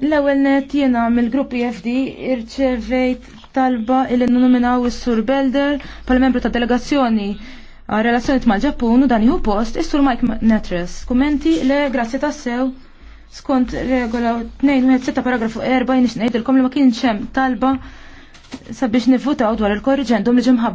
L-ewwel net jiena mill-grupp EFD irċevejt talba illi nnominaw is-Sur Belder bħal membru ta' delegazzjoni għal relazzjoni mal-Ġappun u dan jieħu post is-Sur Mike Netres. Kumenti le grazzi tassew skont regola 2.7 paragrafu 4 nix ngħidilkom li ma kienx hemm talba sabiex nivvutaw dwar il-korriġendum li ġimħab.